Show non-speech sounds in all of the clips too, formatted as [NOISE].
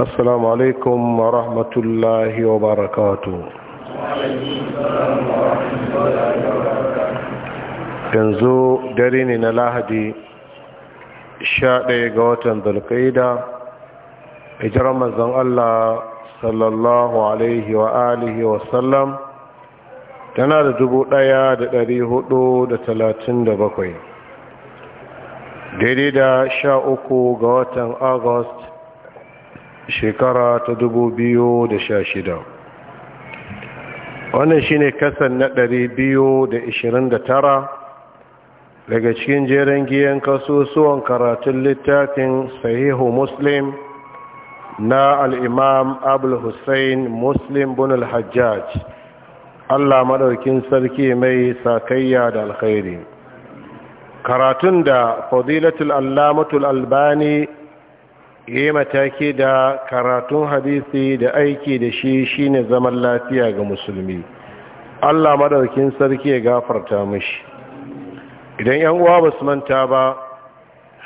السلام عليكم ورحمة الله وبركاته yanzu dare ne na lahadi sha ɗaya ga watan dulkaida hijirar manzon Allah sallallahu alaihi wa wa sallam tana da dubu ɗaya da ɗari huɗu da talatin da bakwai daidai da sha uku ga watan agust shekara ta dubu biyu da sha shida. wannan shine kasan na ɗari biyu da da tara daga cikin jerin giyan kasusuwan karatun littafin sahihu muslim na al'imam abul hussein muslim bin al-hajjaj allah maɗaukin sarki mai sakayya da alkhairi karatun da fadilatul allamatul albani ya yi mataki da karatun hadisi da aiki da shi shine zaman lafiya ga musulmi allah madaukin sarki ya gafarta mashi idan yan uwa ba su manta ba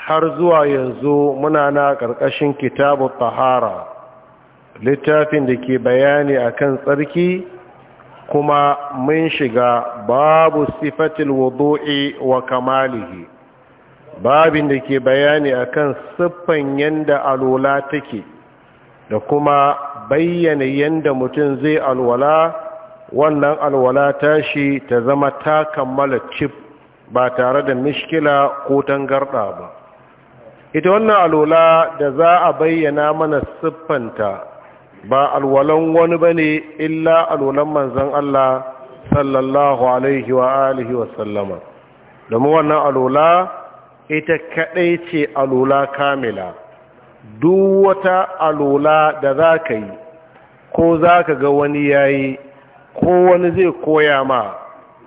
har zuwa yanzu muna na ƙarƙashin kitabu tahara littafin da ke bayani a kan tsarki kuma mun shiga babu sifatil wudu'i wa kamalihi babin da ke bayani akan siffan yanda alwala take da kuma bayyana yanda mutum zai alwala wannan alwala ta shi ta zama ta kammala cif ba tare da mishkila ko tangarɗa ba ita wannan alwala da za a bayyana mana siffanta ba alwalan wani ba ne illa alwalan manzan Allah sallallahu alaihi wa alihi wa sallama domin wannan alwala ita kaɗai ce alola kamila duk wata alola da za ka yi ko za ka ga wani yayi ko wani zai koya ma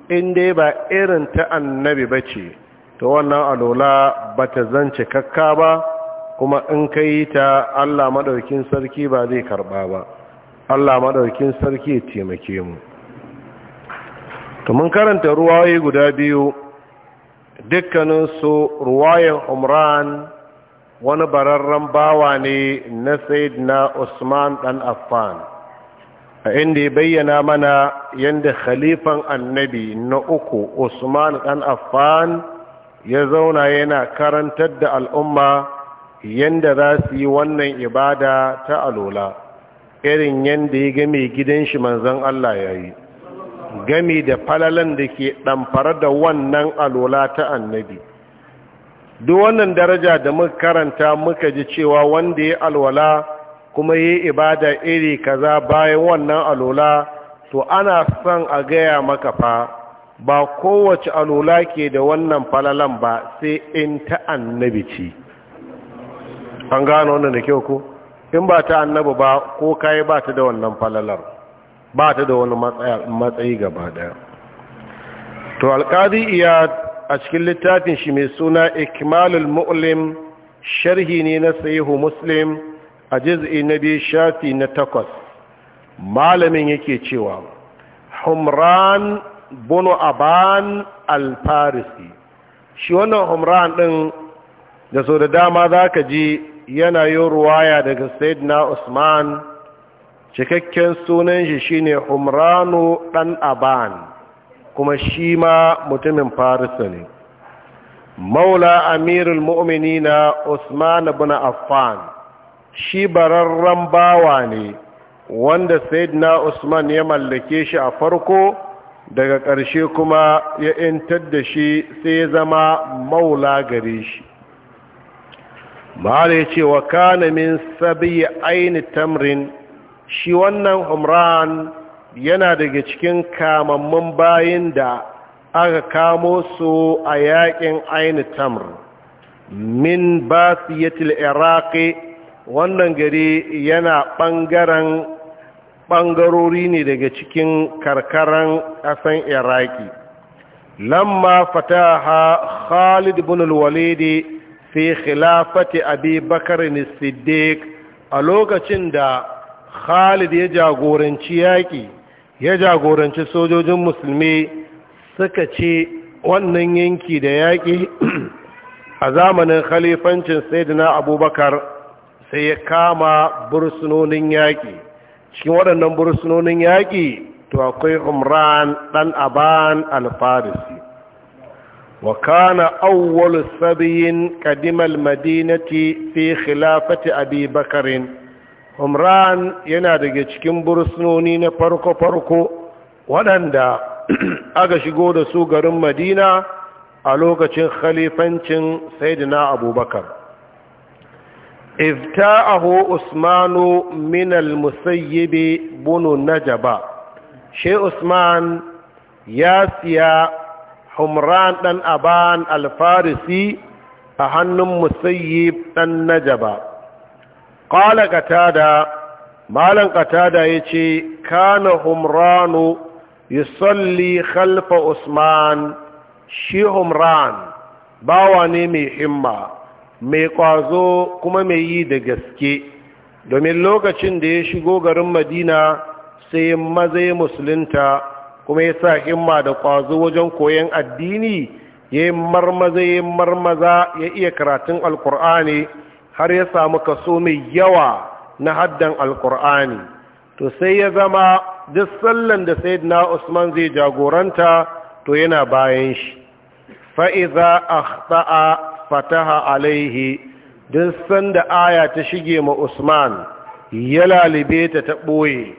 in dai ba irin ta annabi ba ce ta wannan alola ba ta zance kakka ba kuma in ka yi ta allah maɗaukin sarki ba zai karɓa ba allah maɗaukin sarki ya taimake mu mun karanta ruwaye guda biyu dukkaninsu ruwayan umran wani bararren bawa ne na said na usman dan affan a inda ya bayyana mana yadda khalifan annabi na uku usman dan affan ya zauna yana karantar da al'umma yadda za su yi wannan ibada ta alola irin yadda ya ga mai gidan shi manzan allah ya yi Gami da falalan da ke ɗamfara da wannan alola ta annabi duk wannan daraja da muka karanta muka ji cewa wanda ya alwala kuma ya ibada iri kaza bayan wannan alola to ana son a gaya maka fa ba kowace alola ke da wannan falalan ba sai in ta annabi ce an gano wannan da kyau ko in ba ta annabi ba ko kayi ba ta da wannan falalar ba ta da wani matsayi gaba daya to alƙadi iya a cikin littafin shi mai suna ikmalul mu'lim sharhi ne na sahihu muslim a jiz'i na biyu shafi na takwas malamin yake cewa humran bunu aban alfarisi shi wannan humran ɗin da so da dama za ka ji yana yin ruwaya daga sayyidina usman cikakken sunan shi shine umranu dan aban kuma shi ma mutumin farisa ne maula amirul mu'minina usman ibn affan shi bararran bawa ne wanda sayyidina usman ya mallake shi a farko daga ƙarshe kuma ya intar da shi sai ya zama maula gare shi ma'ala ya ce wa kana min ya aini tamrin shi wannan umran yana daga cikin kamammun bayin da aka kamo su a yakin aini tamr min ba basiyatil iraqi wannan gari yana ɓangaren ɓangarori ne daga cikin karkaran ƙasan iraki lamma fataha khalid bin walidi fi khilafati abi bakar siddiq a lokacin da khalid ya jagoranci yaƙi ya jagoranci sojojin musulmi suka ce wannan yanki da yaƙi [CLEARS THROAT] a zamanin khalifancin saidina abubakar sai ya kama bursunonin yaƙi cikin waɗannan bursunonin yaƙi to akwai umran ɗan aban alfarisi wa kana awwalu sabiyin kadimal madinati fi khilafati abi bakarin umran yana daga cikin bursunoni na farko-farko waɗanda [CLEARS THROAT] aka shigo da su garin madina a lokacin khalifancin saidina abubakar ifta'ahu usmanu minal musayyibi bunu najaba she usman ya siya humran ɗan aban alfarisi a hannun musayyib ɗan najaba ƙala katada malan katada ya ce kana humranu yusalli khalfa usman shi humran bawa ne mai himma mai ƙwazo kuma mai yi da gaske domin lokacin da ya shigo garin madina sai mazai musulunta kuma ya sa himma da ƙwazo wajen koyon addini ya yi marmaza ya yi marmaza ya iya karatun alkur'ani har ya samu kaso mai yawa na haddan alkur'ani to sai ya zama duk sallan da sayyidina usman zai jagoranta to yana bayan shi fa'iza a sa'a fataha alaihi duk sanda aya ta shige ma usman ya lalibe ta ta ɓoye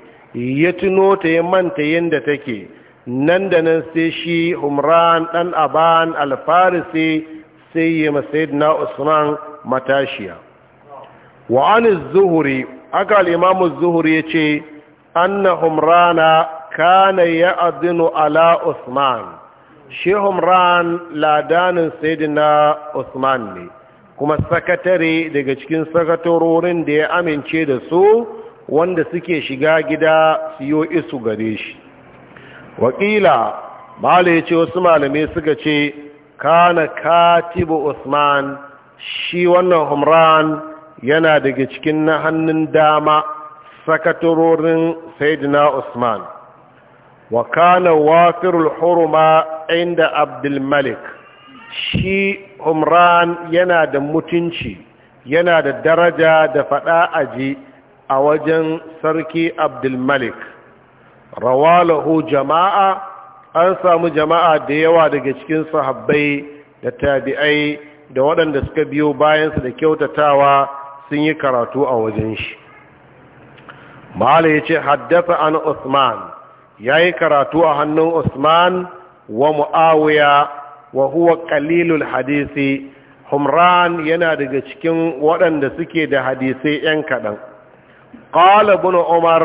ya tuno ta ya manta yadda take nan da nan sai shi umran ɗan aban alfarisi sai yi ma sayyidina usman matashiya wa an zuhuri aka al-imam zuhuri yace anna humrana kana ya'dinu ala usman shi humran ladanin sayyidina usman ne kuma sakatare daga cikin sakatarorin da ya amince da su wanda suke shiga gida siyo isu gare shi wakila mala ya ce wasu malamai suka ce kana katibu usman shi wannan humran yana daga cikin na hannun dama sakatarorin saidina usman wa kana wafirul huruma inda abdulmalik shi umran yana da mutunci yana da daraja da fada aji a wajen sarki abdulmalik rawalahu jama'a an samu jama'a da yawa daga cikin sahabbai da tabi'ai da waɗanda suka biyo bayansa da kyautatawa sun yi karatu a wajen shi Malam ya ce haddasa an usman ya yi karatu a hannun usman wa mu'awiya wa huwa kalilul hadisi humran yana daga cikin waɗanda suke da hadisai 'yan kaɗan ƙala bunu umar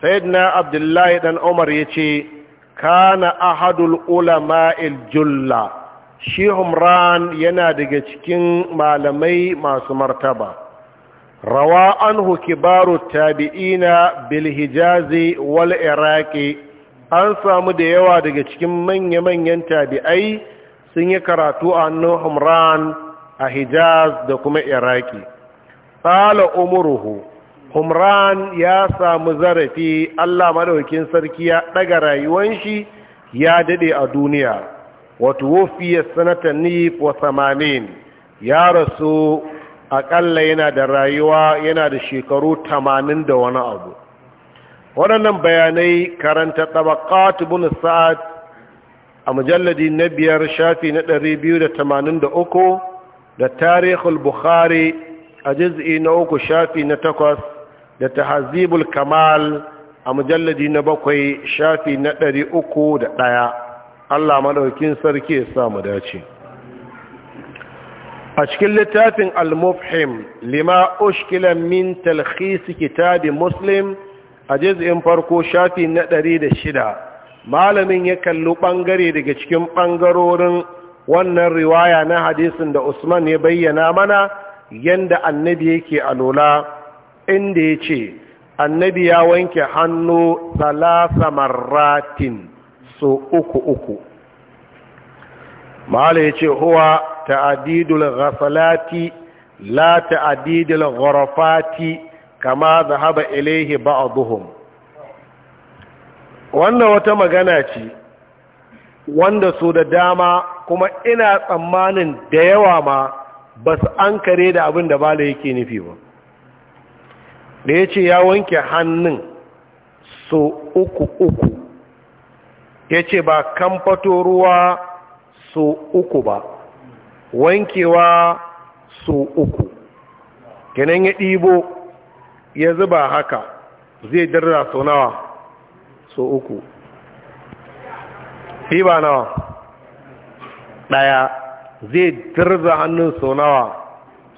sayyidina abdullahi ɗan umar ya ce kana ahadul ulama'il julla shi humran yana daga cikin malamai masu martaba rawa anhu kibaru tabi'ina bil والعراق wal an samu da yawa daga cikin manya-manyan tabi'ai sun yi karatu a hannun humran a hijaz da kuma iraki tsala umuruhu humran ya samu zarafi allah madaukin sarki ya ɗaga rayuwan shi ya daɗe a duniya wato wofiyar sanatan nif samanin ya rasu aƙalla yana da rayuwa yana da shekaru tamanin da wani abu waɗannan bayanai karanta tabakatu bin sa'ad a mujalladi na biyar shafi na 283 biyu da tamanin da uku da tarihul bukhari a jiz'i na uku shafi na takwas da tahazibul kamal a mujalladi na bakwai shafi na 301 uku da ɗaya allah maɗaukin sarki ya samu dace a cikin littafin al-mufhim lima ushkila min talkhisi kitabi muslim a jazi'in farko shafi na ɗari da shida, malamin ya kalli ɓangare daga cikin ɓangarorin wannan riwaya na hadisin da usman ya bayyana mana yanda annabi yake alola inda ya ce annabi ya wanke hannu salasa marratin so uku uku mahala ya ce huwa ta'adidul ghasalati la ta'adidul ghurafati kama zahaba ilaihi ba'dhum wannan wata magana ce wanda su da dama kuma ina tsammanin da yawa ma ba su an kare da abin da bala yake nufi ba da ya ce ya wanke hannun su uku uku ya ce ba kamfato ruwa so uku ba wankewa so uku kenan ya ɗibo ya zuba haka zai dirra so nawa so uku ba nawa ɗaya zai dirza hannun so nawa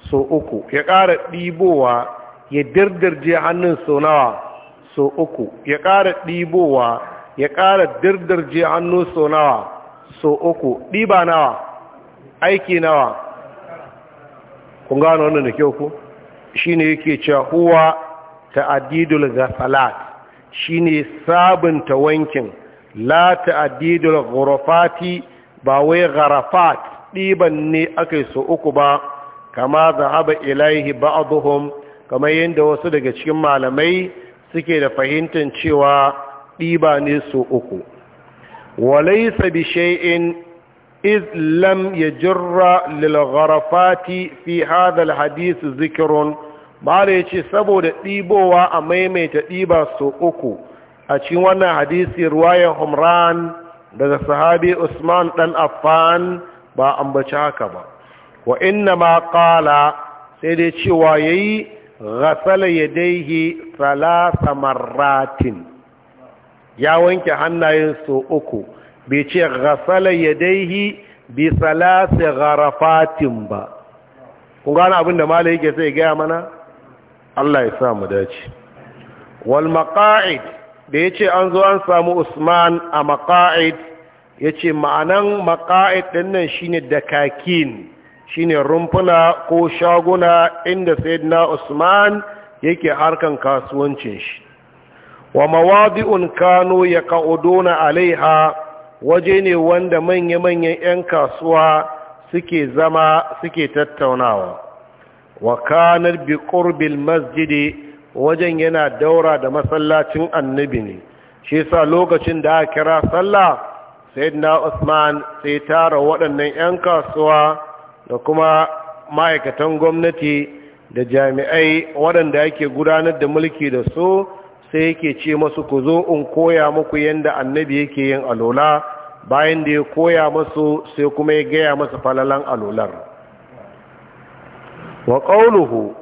so uku ya ƙara ɗibowa ya dirdirje hannun so nawa so uku ya ƙara ɗibowa ya ƙara dirdirje hannun so nawa so uku ɗiba nawa aiki nawa kun gano wannan da kyau ku shine yake cewa huwa salat ghasalat ne sabunta wankin la ta'addidul ghurafati ba wai gharafat ɗiban ne yi so uku ba kama zahaba ilaihi ba'dhum kamar yadda wasu daga cikin malamai suke da fahimtar cewa ɗiba ne so uku walaysa bi shay'in Islam ya jirra lil gharafati fi hadha hadisi zikirin, zikrun bare yace saboda ɗibowa a maimaita diba so uku a cikin wannan hadisi ruwayan humran, daga sahabi Usman ɗan Affan ba ambaci haka ba wa inna ba ƙala, sai dai cewa yayi ghasala yadayhi thalatha marratin ya wanke hannayen su uku bai ce ghasala yadaihi bi salasi gharafatin ba kun gane abin da malai yake sai gaya mana Allah ya sa mu dace wal maqa'id da yace an zo an samu Usman a maqa'id yace ma'anan maka'id din nan shine dakakin shine rumfuna ko shaguna inda sayyidina Usman yake harkan kasuwancin shi wa mawadi'un kano ya ka'uduna alaiha waje ne wanda manya-manyan 'yan kasuwa suke zama suke tattaunawa wa kanar bi masjidi wajen yana daura da masallacin annabi ne shi sa lokacin da aka kira sallah sai na usman sai tara waɗannan 'yan kasuwa da kuma ma'aikatan gwamnati da jami'ai waɗanda ake gudanar da mulki da su sai yake ce masu ku zo in koya muku yadda annabi yake yin alola bayan da ya koya masu sai kuma ya gaya masu falalan alolar wa ƙauluhu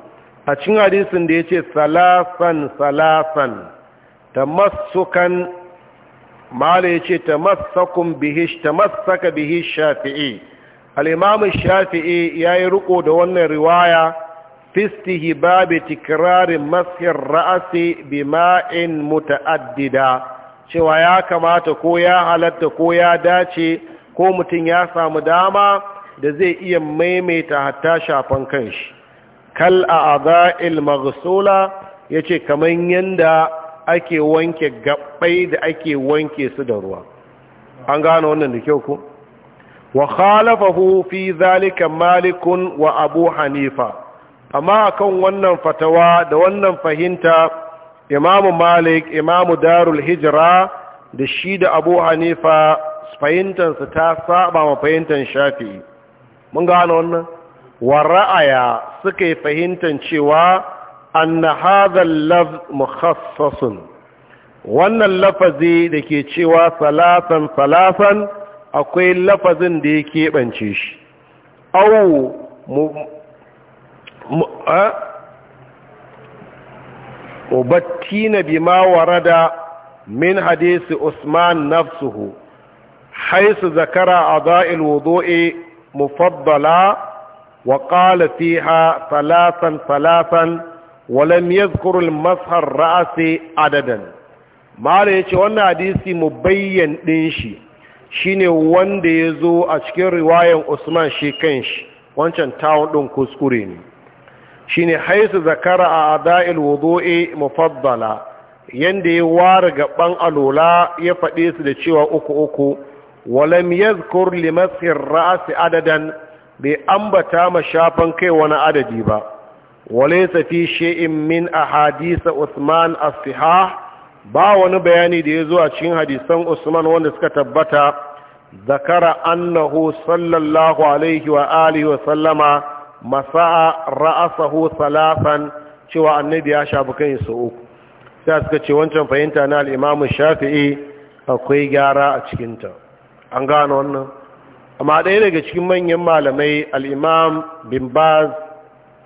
a cin hadisin da ya ce salasan salasan tamassukan mala ya ce tamassakun bihish tamassaka bihish shafi'i al'imamun shafi'i ya yi riko da wannan riwaya fistihi babu tikirarin maskin ra'asi bima'in muta'addida cewa ya kamata ko ya halatta ko ya dace ko mutum ya samu dama da zai iya maimaita hatta shafan kanshi kal a aza'il maghsula yace kamar yanda ake wanke gabbai da ake wanke su da ruwa an gano wannan da kyau ko wa khalafahu fi zalika malikun wa abu hanifa amma akan wannan fatawa da wannan fahimta imamu malik imamu darul hijira da shi da abu hanifa fahimtansu ta saba ma fahimtan shafi mun gano wannan wa ra'aya suka yi fahimtan cewa anna hadhal laf mukhassasun wannan lafazi da ke cewa salasan salasan akwai lafazin da ya keɓance shi au ubattina bima warada min hadisi usman nafsuhu حيث ذكر أعضاء الوضوء مفضلا وقال فيها ثلاثا mashar ولم adadan. المسح الرأس عددا ما ليش وانا حديثي مبين دينشي shine wanda ya zo a cikin riwayan Usman shi wancan tawon ɗin kuskure ne shine haisu zakara a da'il wudu'i mufaddala yanda ya ware gaban alola ya faɗe su da cewa uku uku walam yazkur li masir ra'si adadan bai ambata ma shafan kai wani adadi ba walaysa fi shay'in min ahadith Usman as-sihah ba wani bayani da ya zo a cikin hadisan Usman wanda suka tabbata zakara annahu sallallahu alaihi wa alihi wa sallama masa'a ra'asahu salasan cewa annabi ya shafi kai sa uku sai suka ce wancan fahimta na al'imamu shafi'i akwai gyara a cikinta an gano wannan amma ɗaya daga cikin manyan malamai al'imam bin baz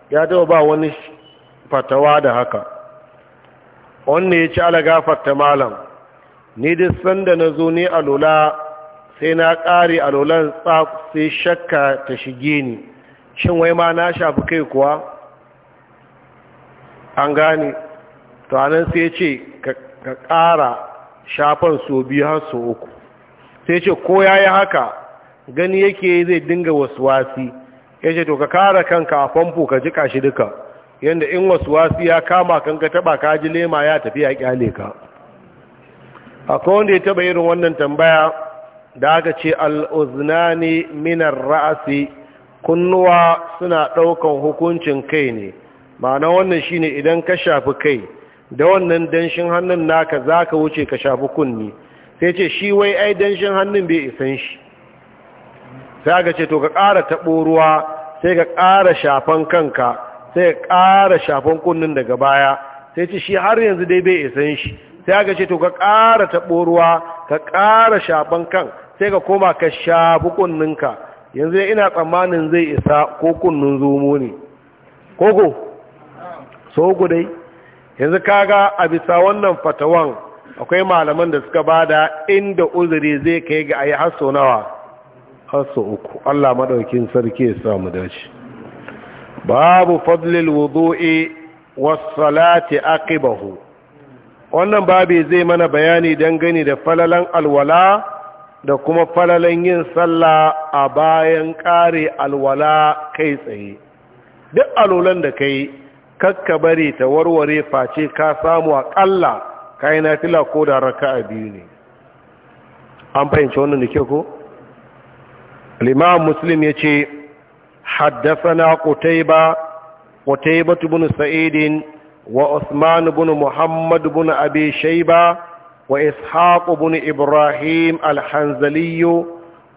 ya taɓa ba wani fatawa da haka wanda ya ci ala malam ni duk sanda na zo ni a lola, sai na ƙare a lolan tsaf sai shakka ta shige ni shin wai ma na shafi kai kuwa an gane to anan sai ce ka ƙara shafan so biyu har so uku sai ce ko ya yi haka gani yake zai dinga wasu wasi? ya ce to ka kara kanka a famfo ka jika shi duka yadda in wasu wasi ya kama kanka taba ka ji lema ya tafi ya kyale ka akwai wanda ya taba irin wannan tambaya da aka ce ne minar ra'asi kunnuwa suna ɗaukan hukuncin kai ne ma'ana wannan shine idan ka shafi kai da wannan danshin hannun naka za ka wuce ka shafi kunni sai ce shi wai ai danshin hannun bai isan shi sai ka ce to ka ƙara taɓo ruwa sai ka ƙara shafan kanka sai ka ƙara shafan kunnin daga baya sai ce shi har yanzu dai bai isan shi sai ka ce to ka ƙara taɓo ruwa ka ƙara shafan kan sai ka koma ka shafi kunninka yanzu ina tsammanin zai isa ko kunnun zomo ne koko so dai yanzu kaga a bisa wannan fatawan akwai malaman da suka bada inda uzuri zai kai ga ayi hasso nawa hasso uku Allah madaukin sarki ya samu dace babu fadlil wudu'i was salati aqibahu wannan babu zai mana bayani dangane da falalan alwala da kuma falalan yin sallah a bayan ƙare alwala kai tsaye duk alolan da kai kakka bari ta warware face ka samu aƙalla kayi na fila ko da raka a biyu ne an fahimci wannan da ke ko? limam muslim ya ce haddasana Kutaiba, ƙutaiba bin sa'idin wa usman bin muhammad bin abi shaiba وإسحاق بن إبراهيم الحنزلي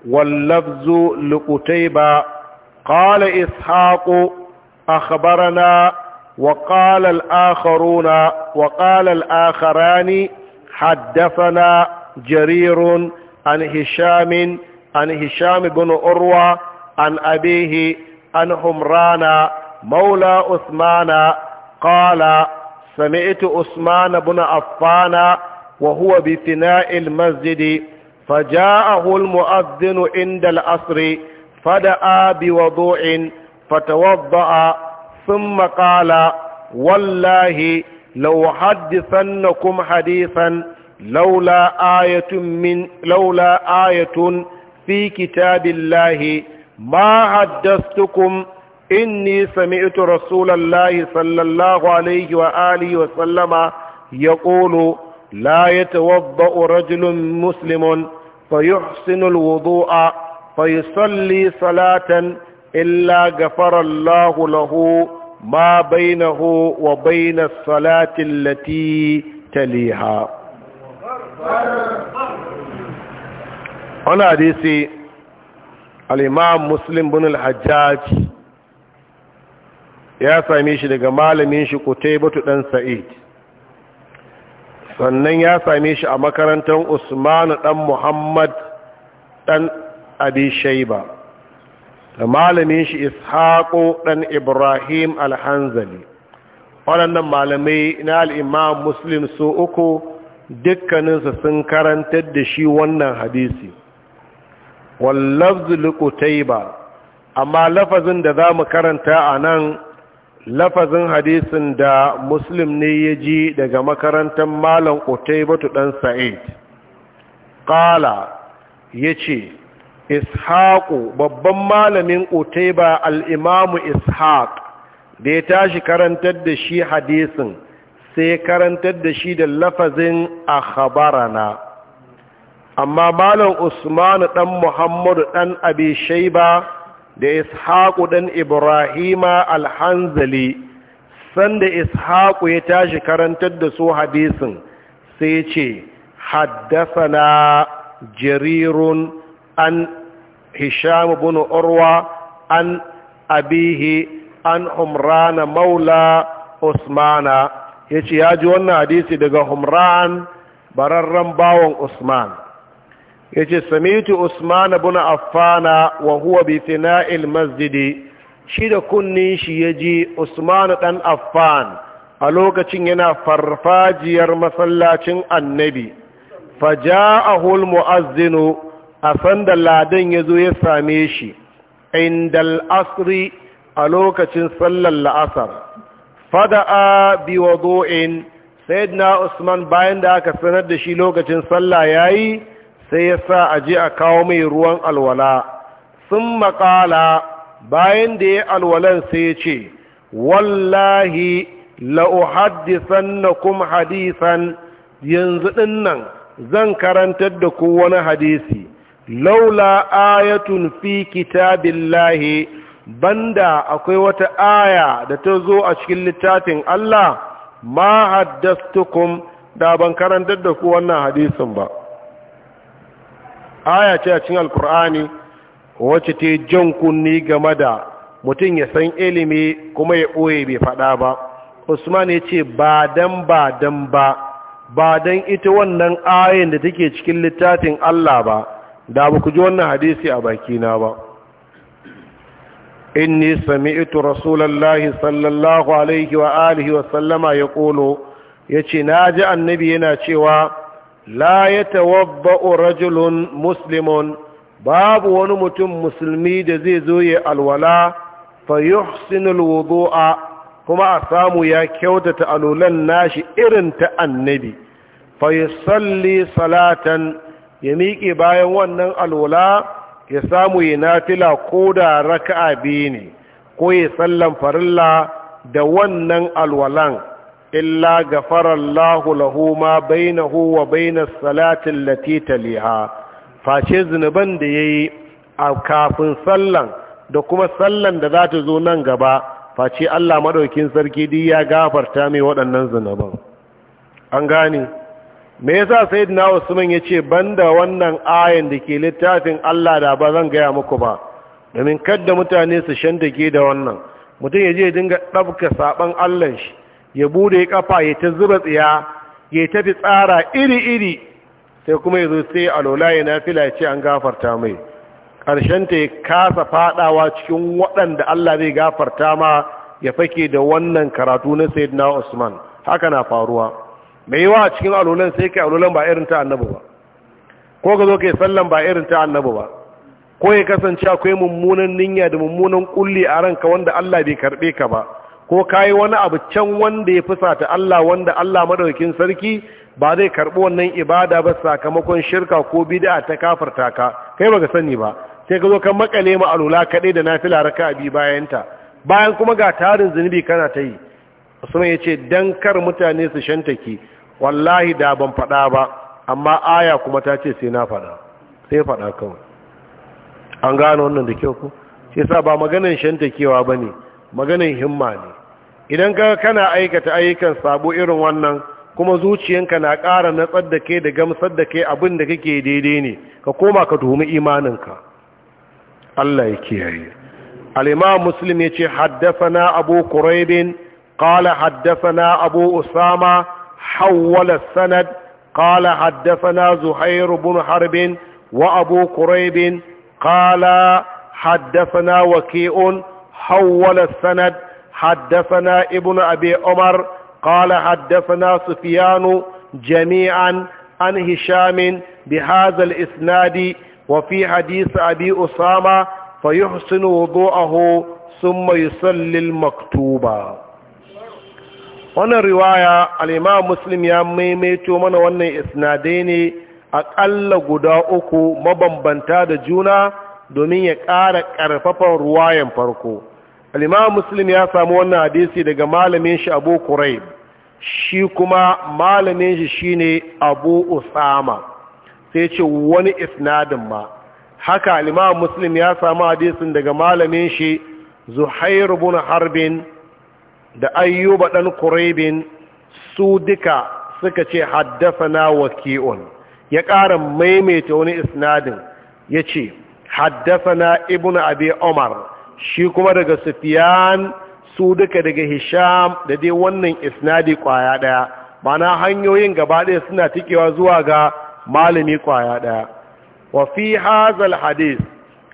واللفظ لقتيبة قال إسحاق أخبرنا وقال الآخرون وقال الآخران حدثنا جرير عن هشام عن هشام بن أروى عن أبيه عن عمران مولى عثمان قال سمعت عثمان بن عفان وهو بفناء المسجد فجاءه المؤذن عند العصر فدعا بوضوء فتوضأ ثم قال والله لو حدثنكم حديثا لولا آية من لولا آية في كتاب الله ما حدثتكم إني سمعت رسول الله صلى الله عليه وآله وسلم يقول لا يتوضأ رجل مسلم فيحسن الوضوء فيصلي صلاة إلا غفر الله له ما بينه وبين الصلاة التي تليها أنا ديسي الإمام مسلم بن الحجاج يا سامي shi daga malamin shi Qutaybatu dan سعيد sannan ya same shi a makarantar usmanu dan muhammad dan abi shaiba da malamin shi ishaƙo dan ibrahim alhanzali waɗannan malamai na al'imam muslim su uku dukkaninsu sun karantar da shi wannan hadisi wallafzu lukutai ba amma lafazin da za mu karanta a nan lafazin hadisin da muslim ne ya ji daga makarantar malam otaibatu ɗan sa'id ƙala ya ce ishaku babban malamin otaiba al'imamu ishaq da ya tashi karantar da shi hadisin sai karantar da shi da lafazin a khabarana amma malam usmanu ɗan muhammadu ɗan Abishai ba. da ishaku ɗan ibrahima alhanzali sanda ishaku ya tashi karantar da su hadisin sai ce na jarirun an hisham bin urwa an abihi an Humrana maula usmana ya ce ya ji wannan hadisi daga Humran bararren bawan usman yace samitu usman ibn affan wa huwa bi fina'il masjid shi da kunni shi yaji usman dan affan a lokacin yana farfajiyar masallacin annabi faja'ahu almu'azzin a sanda ladan zo ya same shi indal asri a lokacin sallar la'asar fada'a bi wudu'in sayyidina usman bayan da aka sanar da shi lokacin sallah yayi sai ya sa a je a kawo mai ruwan alwala sun makala bayan da ya alwalan sai ya ce wallahi la'uhaddisan na kuma hadisan yanzu nan zan karantar da ku wani hadisi laula ayatun fi kitabillahi banda akwai wata aya da ta zo a cikin littafin Allah ma haddastukum da ban karantar da ku wannan hadisin ba aya ce a cikin alkur'ani wacce ta jan kunni game da mutum ya san ilimi kuma ya ɓoye bai faɗa ba usman ya ce ba dan ba dan ba ba dan ita wannan ayin da take cikin littafin allah ba da ba ku ji wannan hadisi a bakina ba inni ito Rasulallah sallallahu alaihi wa alihi wa sallama ya ƙolo ya ce na ji annabi yana cewa la ya tawabba'u rajulun muslimun babu wani mutum musulmi da zai zo ya alwala fa yuhsinul kuma a samu ya kyautata alulan nashi irin ta annabi fa yusalli salatan ya miƙe bayan wannan alwala ya samu ya nafila ko da raka'a biyu ne ko ya sallan farilla da wannan alwalan illa gafara Allahu lahu ma bainahu wa bainas salatin lati taliha face zunuban da yayi a kafin sallan da kuma sallan da za ta zo nan gaba face Allah madaukin sarki duk ya gafarta mai waɗannan zunuban an gane me yasa sayyidina Usman yace banda wannan ayan da ke littafin Allah da ba zan gaya muku ba domin kada mutane su shantake da wannan mutum yaje dinga dabka saban Allah shi ya bude kafa ya ta zuba tsiya ya tafi tsara iri-iri sai kuma ya zo sai alola ya fila ce an gafarta mai ta ya kasa fadawa cikin waɗanda Allah zai gafarta ma ya fake da wannan karatu na sayyidina Usman haka na faruwa mai yawa cikin alolan sai kai alolan ba irin ta annabi ba ko ka zo kai sallan ba irin ta annabi ba ko ya kasance akwai mummunan niyya da mummunan kulli a ranka wanda Allah bai karbe ka ba ko kayi wani abu can wanda ya fusata Allah wanda Allah madaukin sarki ba zai karɓi wannan ibada ba sakamakon shirka ko bid'a ta kafarta ka kai baka sani ba sai ka zo kan makale ma alula kaɗai da nafila raka bi bayan ta bayan kuma ga tarin zunubi kana ta yi usman yace dan kar mutane su shantake wallahi da ban faɗa ba amma aya kuma ta ce sai na faɗa sai faɗa kawai an gano wannan da kyau ko sai sa ba maganan shantakewa bane maganan himma ne idan ka kana aikata ayyukan sabo irin wannan kuma zuciyanka na ƙara natsar da ke da gamsar da ke abin da kake daidai ne ka koma ka tuhumi imaninka Allah ya kiyaye al-imam muslim yace haddathana abu quraib qala haddathana abu usama hawwala sanad qala haddathana zuhair ibn harb wa abu quraib qala haddathana waqi'un hawwala sanad حدثنا ابن أبي عمر قال حدثنا سفيان جميعا عن هشام بهذا الإسناد وفي حديث أبي أسامة فيحسن وضوءه ثم يصلي المكتوبة wannan riwaya al'imam muslim ya maimaito mana wannan isnadai ne aƙalla guda uku mabambanta da juna domin ya ƙara ƙarfafan ruwayan farko al-imam muslim ya samu wannan hadisi daga malamin shi abu kurai shi kuma malamin shi shine abu usama sai ce wani isnadin ma haka al-imam muslim ya samu hadisin daga malamin shi zuhair ibn harbin da ayyuba dan kuraibin su duka suka ce haddasa na waki'un ya ƙara maimaita wani isnadin ya ce na ibn abi umar shi kuma daga sufiyan su duka daga hisham da dai wannan isnadi kwaya daya mana hanyoyin gaba daya suna tikewa zuwa ga malami kwaya daya wa fi hazal hadis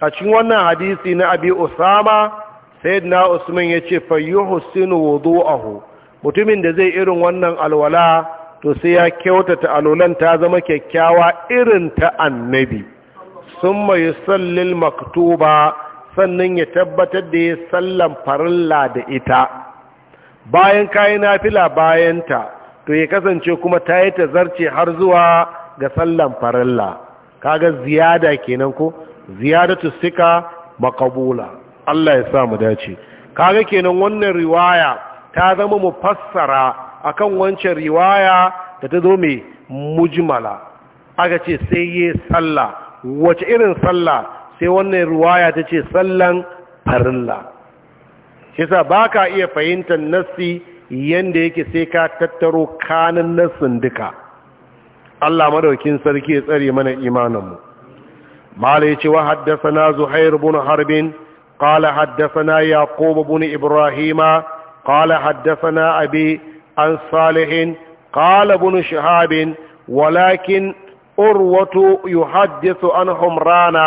a cikin wannan hadisi na abi usama sayyidina usman yace fayyuhsinu wudu'ahu mutumin da zai irin wannan alwala to sai ya kyautata alolan ta zama kyakkyawa irin ta annabi summa yusallil maktuba sannan ya tabbatar da ya sallan farilla da ita bayan kayi nafila bayanta to ya kasance kuma ta yi tazarce har zuwa ga sallan farilla kaga ziyada kenan ko ziyadatu sika makabula Allah ya sa mu dace kaga kenan wannan riwaya ta zama mu mufassara akan wancan riwaya da ta zo mai mujmala aka ce sai yi sallah wace irin sallah sai wannan ruwaya ta ce sallan farilla shi sa ba ka iya fahimtar nassi yadda yake sai ka tattaro kanin nassin duka Allah madaukin sarki ya tsare mana imaninmu malai ce wa na zuhair bin harbin Kala haddasa na yaqub bin ibrahima Kala haddasa na abi an salihin Kala bin shahabin walakin urwatu yuhaddithu an humrana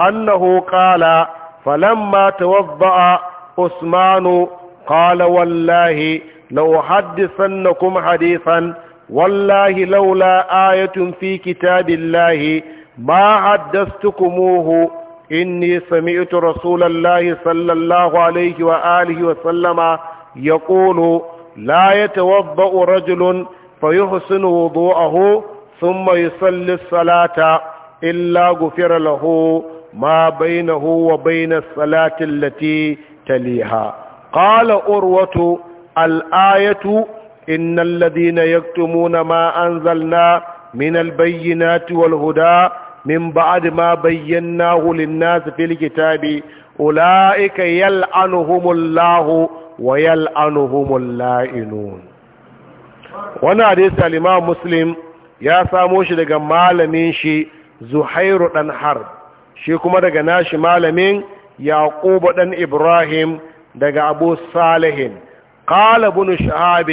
أنه قال فلما توضأ عثمان قال والله لو حدثنكم حديثا والله لولا آية في كتاب الله ما حدثتكموه إني سمعت رسول الله صلى الله عليه وآله وسلم يقول لا يتوضأ رجل فيحسن وضوءه ثم يصلي الصلاة إلا غفر له ما بينه وبين الصلاة التي تليها قال أروة الآية إن الذين يكتمون ما أنزلنا من البينات والهدى من بعد ما بيناه للناس في الكتاب أولئك يلعنهم الله ويلعنهم اللائنون وانا حديث الإمام مسلم يا ساموش لغا مالمين شي زحير بن حرب shi kuma daga nashi malamin yaqubu ɗan ibrahim daga abu salihin qala ibn shahab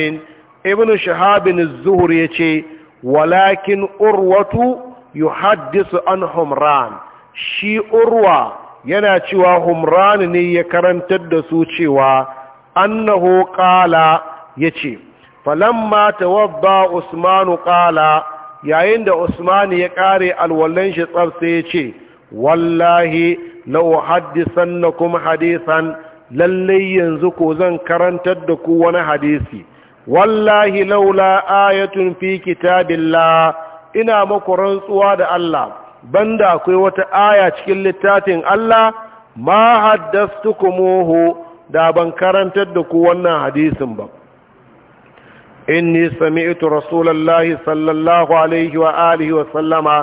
ibn shahab az-zuhri yace walakin urwatu yuhaddisu an humran shi urwa yana cewa humran ne ya karantar da su cewa annahu qala yace falamma wabba Usmanu qala yayin da Usmanu ya kare alwallan shi ya yace wallahi lau haddisannakum hadisan lallai yanzu ko zan karantar da ku wani hadisi wallahi laula ayatun fi kitabillah ina maku rantsuwa da Allah banda akwai wata aya cikin littafin Allah ma haddastukumuhu da ban karantar da ku wannan hadisin ba inni sami'tu rasulullahi sallallahu alaihi wa alihi wa sallama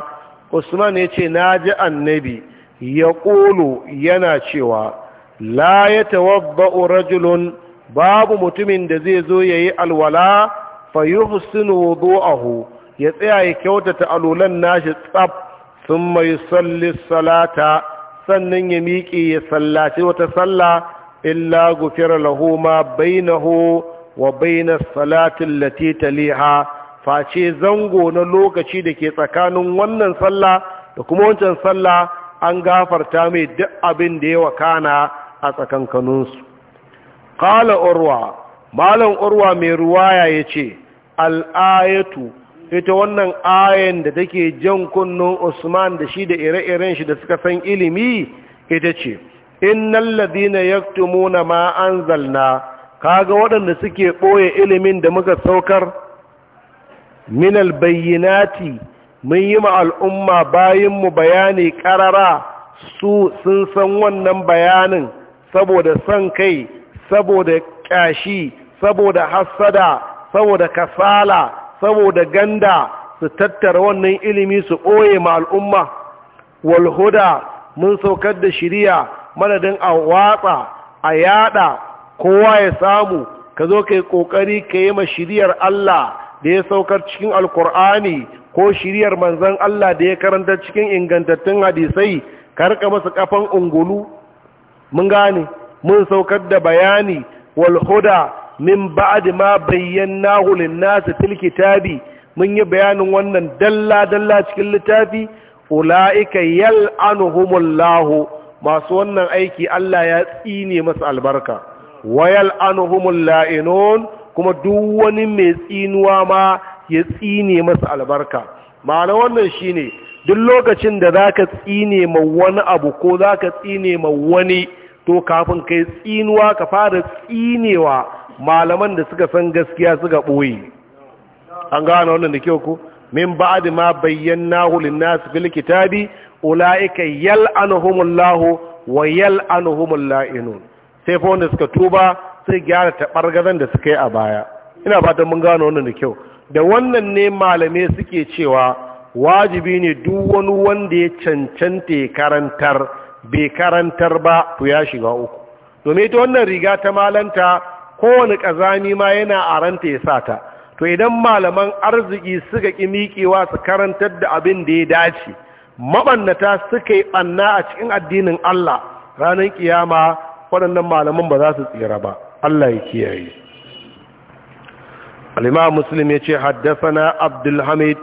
usman ya ce na ji annabi ya ƙolo yana cewa la ya tawabba'u rajulun babu mutumin da zai zo ya yi alwala fa yi husinu zo'ahu ya tsaya ya kyautata alulan nashi tsab sun mai salli salata sannan ya miƙe ya sallaci wata salla illa gufira lahu ma bainahu wa bainas salatin lati taliha face zango na lokaci da ke tsakanin wannan sallah da kuma wancan sallah an gafarta mai duk abin da ya wakana a tsakankaninsu Kala urwa malam urwa mai ruwaya yace ce, al'ayatu, ita wannan ayan da take jan kunnun Usman da shi da ire-iren shi da suka san ilimi ita ce innal ladina yaktumuna ma anzalna kaga waɗanda suke ɓoye ilimin da muka saukar min albayyinati mun yi ma al'umma mu bayani ƙarara su sun san wannan bayanin saboda son kai saboda ƙyashi saboda hassada saboda kasala saboda ganda su tattara wannan ilimi su ɓoye ma al'umma walhuda mun saukar da shirya madadin a watsa a yada kowa ya samu ka zo ka yi ƙoƙari ka yi ma shiryar Allah da ya saukar cikin alkur'ani ko shiryar manzan Allah da ya karanta cikin ingantattun hadisai karka masa kafan ungulu mun gane mun saukar da bayani wal huda min ba'd ma bayyana lin nas fil kitabi mun yi bayanin wannan dalla dalla cikin littafi ulaika yal'anuhumullahu masu wannan aiki Allah ya tsine masa albarka wa yal'anuhumul la'inun kuma duk wani mai tsinuwa ma ya tsine masa albarka ma'ana wannan shine duk lokacin da zaka tsine ma wani abu ko zaka tsine ma wani to kafin kai tsinuwa ka fara tsinewa malaman da suka san gaskiya suka ɓoye an gane wannan da kyau ko min ba'd ma bayyanahu lin fil kitabi ulaika yal'anuhumullahu wa yal'anuhumul la'inun sai fa wanda suka tuba sai gyara taɓargazan da suka yi a baya ina fatan mun gano wannan da kyau da wannan ne malamai suke cewa wajibi ne duk wani wanda ya cancanta ya karantar bai karantar ba to ya shiga uku domin ita wannan riga ta malanta kowane ƙazami ma yana ta ya sa ta to idan malaman arziki suka ƙi miƙewa su karantar da abin da ya dace maɓannata suka yi ɓanna a cikin addinin Allah ranar kiyama waɗannan malaman ba za su tsira ba Allah ya kiyaye al-imam muslim yace haddathana abdul hamid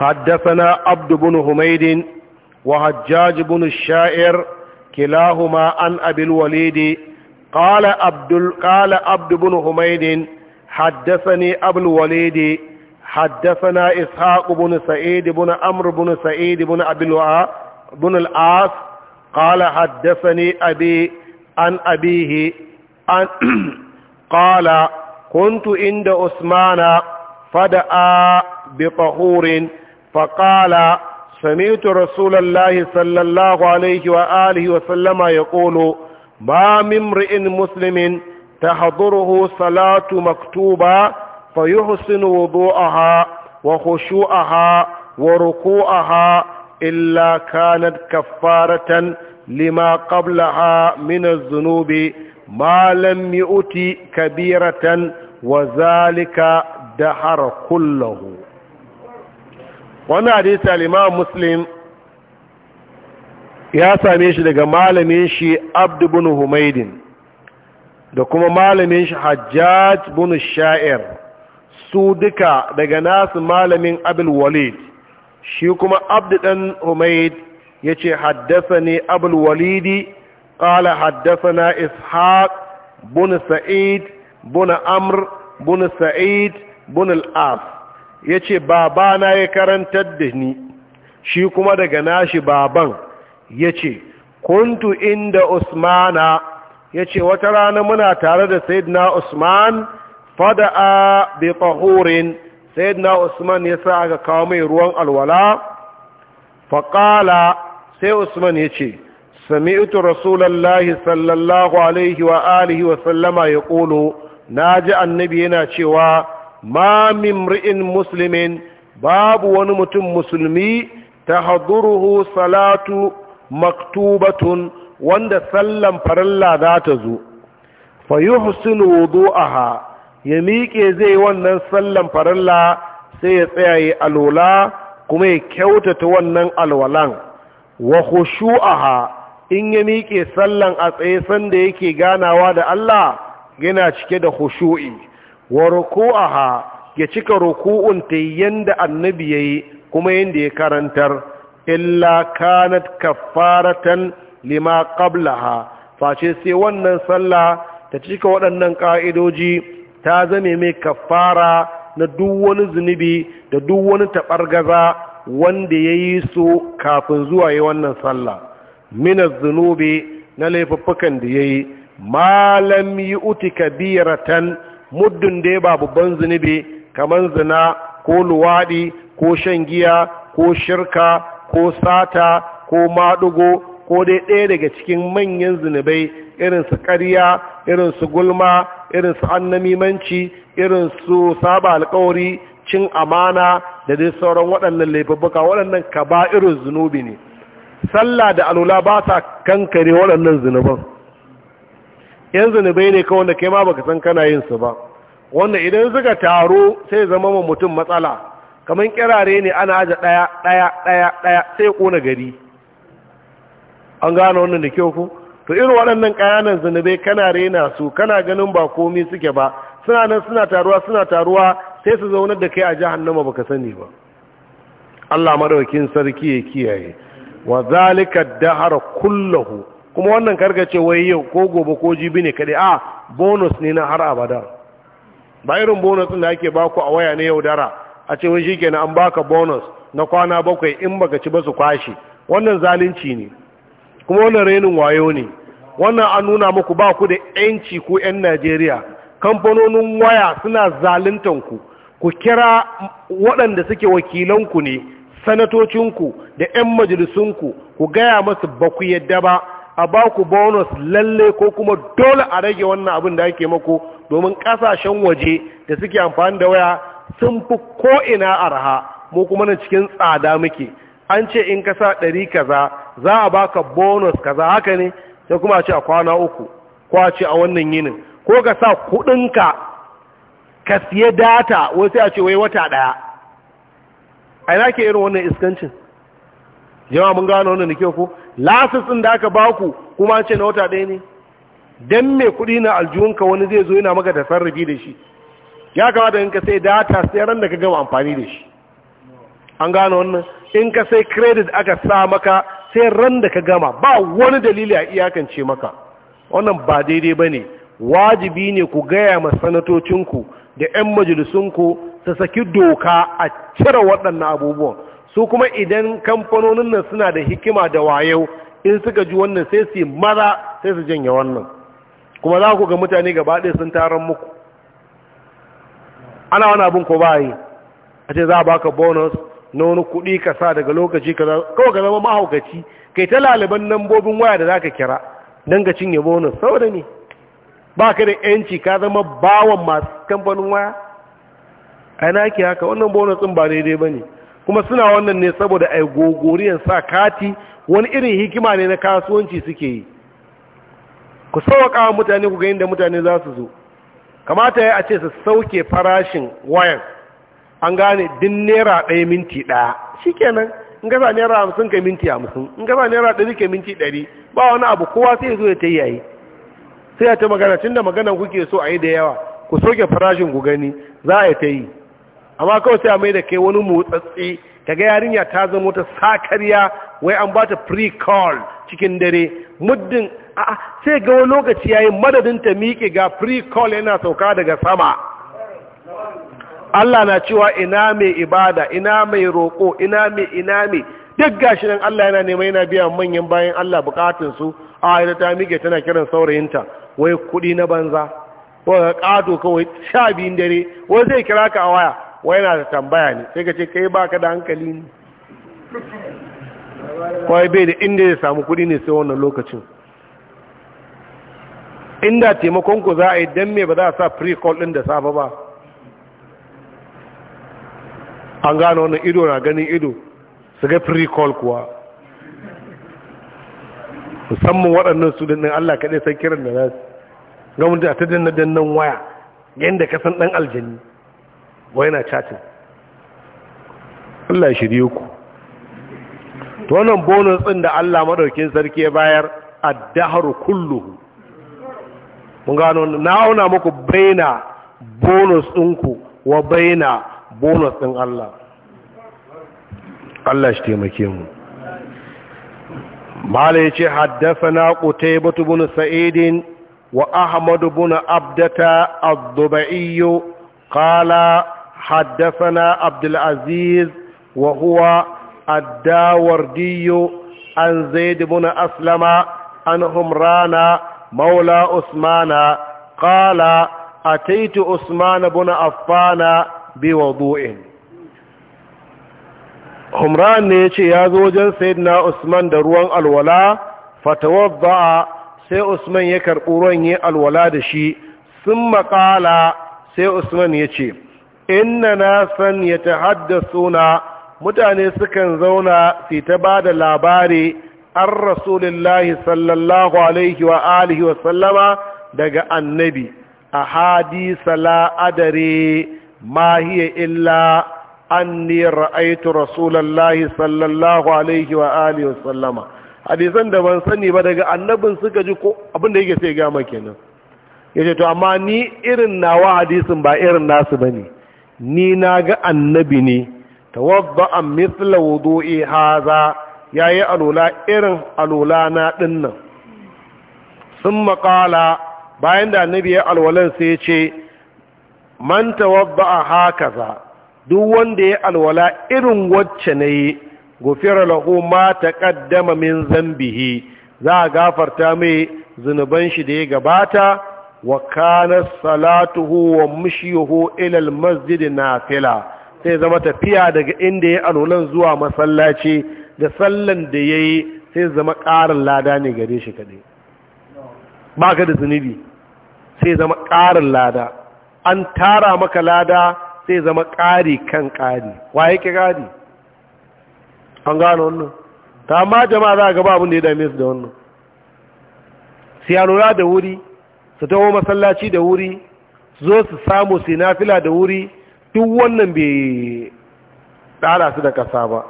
haddathana abd wa hajjaj ibn shair kilahuma an abil walid قال عبد قال عبد بن حميد حدثني أبو الوليد Sa'id, إسحاق بن سعيد Sa'id, أمر بن سعيد بن أبي بن العاص عن أبيه عن [CLEARS THROAT] قال كنت عند عثمان فدعا بطهور فقال سمعت رسول الله صلى الله عليه وآله وسلم يقول ما من امرئ مسلم تحضره صلاة مكتوبة فيحسن وضوءها وخشوعها وركوعها إلا كانت كفارة lima qabla min az-zunubi ma lam kabiratan wa zalika dahara kullahu wannan hadisi muslim ya same shi daga malamin shi Abdu ibn da kuma malamin shi hajjaj Bun sha'ir su duka daga nasu malamin abul walid shi kuma Abdu dan humayd yace haddathani abul walidi qala haddathana ishaq bun sa'id bun amr bun sa'id bun al af yace babana ya karantar da ni shi kuma daga nashi baban yace kuntu inda usmana yace wata rana muna tare da sayyidina usman fada'a bi tahurin sayyidina usman yasa aka kawo mai ruwan alwala faqala sai usman ya ce sami'tu rasulallahi sallallahu alaihi wa alihi wa sallama ya ƙolo na ji annabi yana cewa ma mimri'in musulmin babu wani mutum musulmi ta haduruhu salatu maktubatun wanda sallan faralla za ta zo fa yi aha, ya miƙe zai wannan sallan faralla, sai ya tsayaye alola kuma ya kyautata wannan alwalan wa khushu'aha in ya miƙe sallan a tsaye sanda yake ganawa da Allah yana cike da khushu'i wa ruku'aha ya cika ruku'un ta yanda annabi yayi kuma yanda ya karantar illa kanat kaffaratan lima qablaha face sai wannan sallah ta cika waɗannan ƙa'idoji ta zame mai kaffara na duk wani zunubi da duk wani taɓargaza wanda ya yi su kafin zuwa yi wannan sallah mina zunubi na laifuffukan da ya yi malam yi uti kabiratan muddin da ya babban zunubi kamar zina ko luwaɗi ko shan giya ko shirka ko sata ko maɗugo ko dai ɗaya daga cikin manyan zunubai irin su ƙarya irin su gulma irin su annamimanci irin su saba alkawari cin amana da dai sauran waɗannan laifuka waɗannan irin zunubi ne sallah da alula ba sa kankare waɗannan zunuban yan zunubai ne kawai da kai ma baka san kana yin su ba wanda idan suka taro sai zama ma mutum matsala kamar kirare ne ana aje ɗaya ɗaya ɗaya ɗaya sai kona gari an gano wannan da kyau ko to irin waɗannan ƙayanan zunubai kana rena su kana ganin ba komi suke ba suna nan suna taruwa suna taruwa sai su zaunar da kai a jahannama baka sani ba Allah madaukakin sarki ya kiyaye wa zalika dahar kullahu kuma wannan ce wai yau ko gobe ko jibi ne kadai a bonus ne na har abada ba irin bonus din da ake baku a waya ne yau dara a ce wai shikenan an baka bonus na kwana bakwai in baka ci ba su kwashi wannan zalunci ne kuma wannan renin wayo ne wannan an nuna muku ba ku da yanci ku yan Najeriya kamfanonin waya suna zaluntanku ku kira waɗanda suke wakilanku ne sanatocinku da 'yan majalisunku ku gaya masu baku ku yadda ba a ba ku bonus lalle ko kuma dole a rage wannan abin da ake mako domin ƙasashen waje da suke amfani da waya sun fi ko'ina a raha, mu kuma na cikin tsada muke an ce in kasa ɗari kaza za a baka bonus kaza haka ne sai kuma a ce a kwana uku ko a ce a wannan yinin ko ka sa kuɗinka ka siya data wasu a ce wai wata ɗaya a yana ke irin wannan iskancin jama'a mun gano wannan da ko lasis lasisin da aka baku kuma an ce na wata daya ne dan me kuɗi na aljihunka wani zai zo yana maka tasarrufi da shi ya kamata in ka sai data sai ran da ka gama amfani da shi an gano wannan in ka sai credit aka sa maka sai ran da ka gama ba wani dalili a iyakance maka wannan ba daidai bane ne wajibi ne ku gaya ma sanatocinku da 'yan majalisunku su saki doka a cire waɗannan abubuwan su kuma idan kamfanonin nan suna da hikima da wayo in suka ji wannan sai su maza sai su janye wannan kuma za ku ga mutane gaba ɗaya sun taron muku ana wani abin ko ba yi a ce za a baka bonus na wani kuɗi ka sa daga lokaci kawai ka zama mahaukaci kai ta laliban nambobin waya da za ka kira don ka cinye bonus saboda ne ba ka da yanci ka zama bawan masu kamfanin waya a na ke haka wannan bonus ɗin ba daidai ba ne kuma suna wannan ne saboda ai gogoriyar sa kati wani irin hikima ne na kasuwanci suke yi ku sauwaƙa wa mutane ku ga inda mutane za su zo kamata ya a ce su sauke farashin wayan an gane din naira ɗaya minti ɗaya shi kenan in gaza naira hamsin ka minti hamsin in gaza naira ɗari ka minti ɗari ba wani abu kowa sai zo ya ta yi yayi sai a ta magana tun da maganan kuke so a yi da yawa ku soke farashin ku gani za a yi ta yi amma kawai sai a mai da kai wani motsatsi kaga yarinya ta zama ta sakarya wai an ba ta pre-call cikin dare muddin a sai ga wani lokaci yayin madadin ta miƙe ga pre-call yana sauka daga sama Allah na cewa ina mai ibada ina mai roƙo ina mai ina mai duk gashi nan Allah yana nema yana biya manyan bayan Allah bukatun su a ta miƙe tana kiran saurayinta wai kuɗi na banza wai ka kato kawai sha biyun dare wai zai kira ka a waya wai yana da tambaya ne sai ka ce kai ba ka da hankali ne kawai bai da inda ya samu kuɗi ne sai wannan lokacin inda taimakon ku za a yi don me ba za a sa pre-call ɗin da safe ba an gano wannan ido na ganin ido su ga pre-call kuwa musamman waɗannan su ɗin Allah kaɗai sai kiran da za su ga wanda ta danna dannan waya yadda ka san ɗan aljani wa yana chatin Allah shirye ku to wannan bonus ɗin da Allah madaukin sarki ya bayar ad-dahru kulluhu mun gano na auna muku baina bonus ɗinku wa baina bonus ɗin Allah Allah shi taimake mu mala yace haddathana qutaybah ibn Sa'idin. وأحمد بن عبدة الضبعي قال حدثنا عبد العزيز وهو الداوردي عن زيد بن أسلم عن همران مولى عثمان قال أتيت عثمان بن عفان بوضوء همران ne يا زوجا سيدنا wajen دروان الولا da sai usman ya karɓi ruwan ya alwala da shi sun makala sai usman ya ce inna na san ya ta haddasa na mutane sukan zauna su ta ba da labari an rasulullahi sallallahu alaihi wa alihi wa sallama daga annabi a hadisa la'adare ma hiya illa anni ra'aitu rasulullahi sallallahu alaihi wa alihi wa sallama hadisan da ban sani ba daga annabin suka ji ko abin da yake sai ga maka kenan yace to amma ni irin nawa hadisin ba irin nasu bane ni na ga annabi ne tawadda mithla wudu'i hadha yayi alula irin alula na dinnan summa qala bayan da annabi ya alwalan sai ce man tawadda hakaza duk wanda ya alwala irin wacce nayi gufira lahu ma taqaddama min zambihi za gafarta mai zunuban shi da ya gabata wa kana salatuhu wa mushyuhu ila masjid nafila sai zama tafiya daga inda ya alulan zuwa masallaci da sallan da yayi sai zama ƙarin lada ne gare shi kadai ba ka da zunubi sai zama ƙarin lada an tara maka lada sai zama ƙari kan ƙari wa yake ƙari an gano wannan ta amma jama'a za a gaba abin da ya dame su da wannan su lura da wuri su taho masallaci da wuri su zo su samu su nafila da wuri duk wannan bai ɗara su da ƙasa ba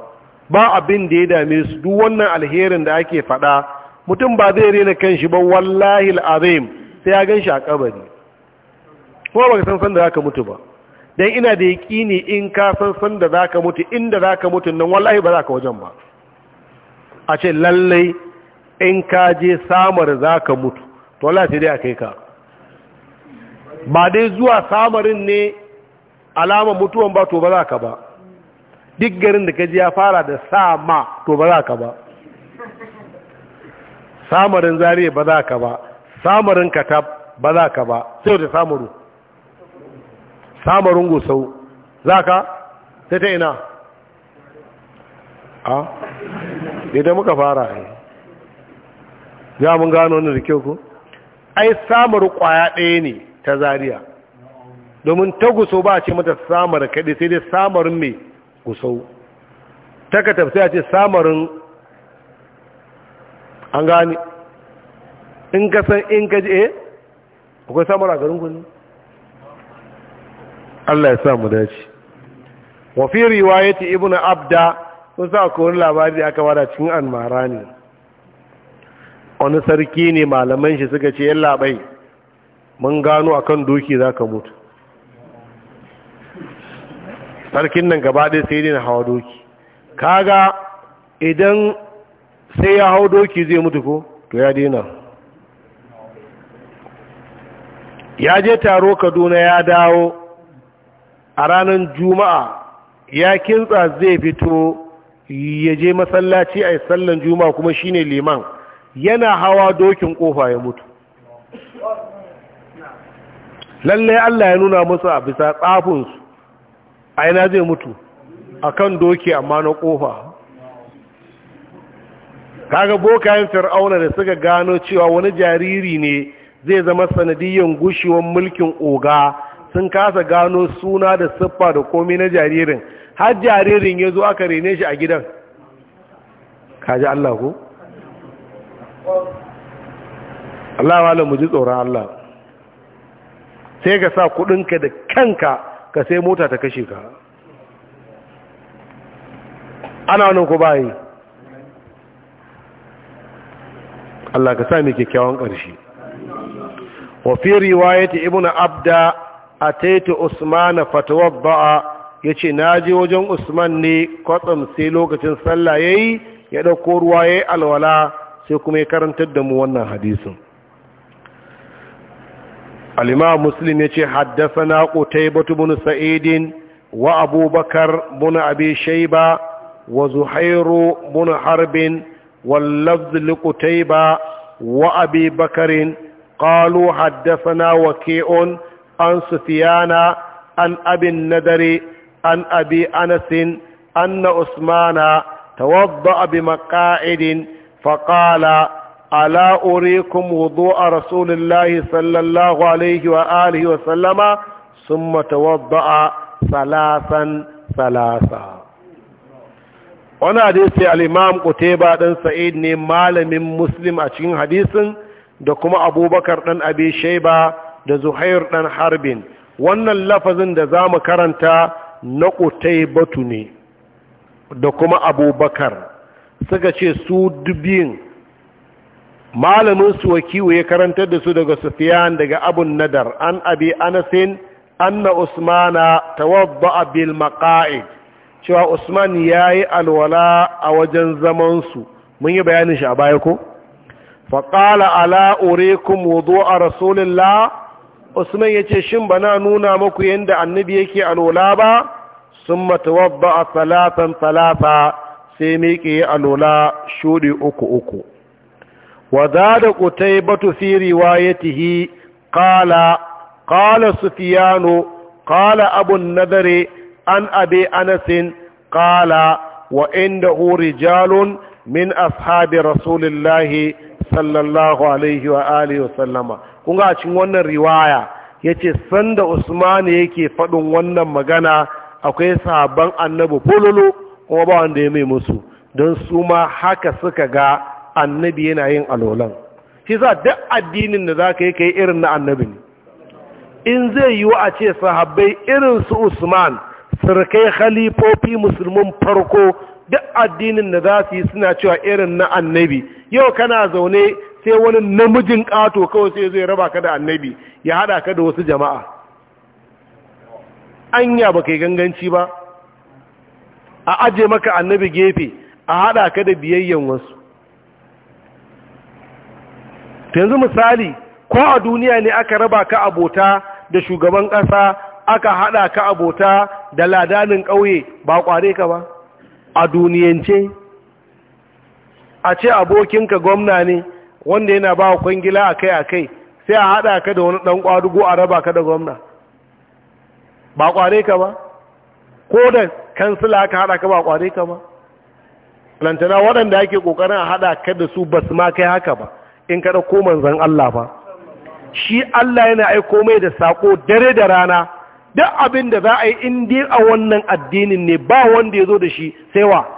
ba abin da ya dame su duk wannan alherin da ake faɗa mutum ba zai rena kan shi ba wallahi al'azim sai ya gan shi a kabari ko ba ka san san da za ka mutu ba dan ina da yaqini in ka san san da zaka mutu inda zaka mutu nan wallahi ba ka wajen ba a ce lallai in ka je samar zaka mutu to wallahi sai dai akai ka ba dai zuwa samarin ne alama mutuwan ba to ba ka ba duk garin da kaji ji ya fara da sama to ba ka ba samarin zariya ba za ka ba samarin katab ba za ka ba sai da samaru samarin gusau za ka sai ta ina a idan muka fara ne eh. ya mun gano wani da kyau ku ai samar kwaya ɗaya ne ta zariya domin ta gusau ba a ce mata samar kaɗai sai dai samarin mai gusau ta ka a ce samarin an gani in ka san in ka ji eh akwai samar a garin ku ne Allah ya sa mu dace wa fi riwayati ibnu abda kun sa ko labari da aka wada cikin almara ne wani sarki ne malaman shi suka ce yalla bai mun gano akan doki zaka mutu sarkin nan gaba ɗaya sai dai hawa doki kaga idan sai ya hau doki zai mutu ko to ya daina ya je taro kaduna ya dawo a ranar juma'a ya kintsa zai fito ya je masallaci a sallan juma'a kuma shine liman yana hawa dokin kofa ya mutu lalle Allah ya nuna musu a bisa tsafinsu a ina zai mutu a kan doki amma na kofa kaga bokayen fir'auna da suka gano cewa wani jariri ne zai zama sanadiyyar gushewan mulkin oga sun kasa gano suna da siffa da komi na jaririn har jaririn ya zo aka rene shi a gidan kaji Allah ko? Allah wa mu ji tsoron Allah sai ka sa kudinka da kanka ka sai mota ta kashe ka ana wani ku bayi Allah ka sa mai kyakkyawan ƙarshe wa fi riwayati ibnu abda A ataitu usmana fatawadda yace je wajen usman ne kwatsam sai lokacin sallah yayi ya dauko ruwa yayi alwala sai kuma ya karantar da mu wannan hadisin al ce muslim yace haddathana qutaybah ibn sa'id wa abubakar ibn abi shayba wa zuhairu ibn harb wal lafz li qutaybah wa abi bakr قالوا حدثنا وكيع an sufiyana an abin nadari an abi anasin anna usmana tawadda bi maqa'idin faqala ala urikum wudu'a rasulillahi sallallahu alaihi wa alihi wa sallama summa tawadda salasan salasa wani hadisi al'imam ƙuteba ɗan sa'id ne malamin muslim a cikin hadisin da kuma abubakar ɗan abi shaiba da zuhair dan harbin wannan lafazin da za mu karanta na ƙutai batu ne da kuma abubakar suka ce su dubin malamin su wakiwu ya karanta da su daga sufiyan daga abun nadar an abi anasin anna usmana tawadda bil maqa'id cewa usman yayi alwala a wajen zaman su mun yi bayanin shi a baya ko faƙala ala ala urikum wudu'a rasulillah usman ya ce shin bana nuna muku yadda annabi yake alola ba sun matawabba a salatan salata sai miƙe ya alola shuɗi uku uku wadda da kutai batu fi riwayatihi kala kala sufiyano kala abun nadare an abe anasin kala wa inda rijalun min ashabi rasulillahi sallallahu alaihi wa alihi wa sallama kun ga cikin wannan riwaya yace sanda Usman yake faɗin wannan magana akwai sahaban annabi fololo kuma ba wanda ya mai musu don su ma haka suka ga annabi yana yin alolan shi za duk addinin da zaka yi kai irin na annabi ne in zai yiwu a ce sahabbai irin su Usman sirkai khalifofi musulmin farko duk addinin da za su yi suna cewa irin na annabi yau kana zaune sai wani namijin ƙato kawai sai zai raba ka da annabi ya haɗa ka da wasu jama'a anya ba kai ganganci ba a aje maka annabi gefe a haɗa ka da biyayyen wasu yanzu misali ko a duniya ne aka raba ka abota da shugaban ƙasa aka haɗa ka abota da ladanin ƙauye ba ƙware ka ba a duniyance a ce abokinka gwamna ne wanda yana ba wa kwangila akai akai sai a haɗa ka da wani ɗan ƙwadugo a raba ka da gwamna ba ƙware ka ba ko da kansila aka haɗa ka ba ƙware ka ba lantana waɗanda ake ƙoƙarin a haɗa ka da su basu ma kai haka ba in kada ko manzon Allah ba shi Allah yana aiko mai da sako dare da rana duk abin da za a yi in dai a wannan addinin ne ba wanda ya zo da shi sai wa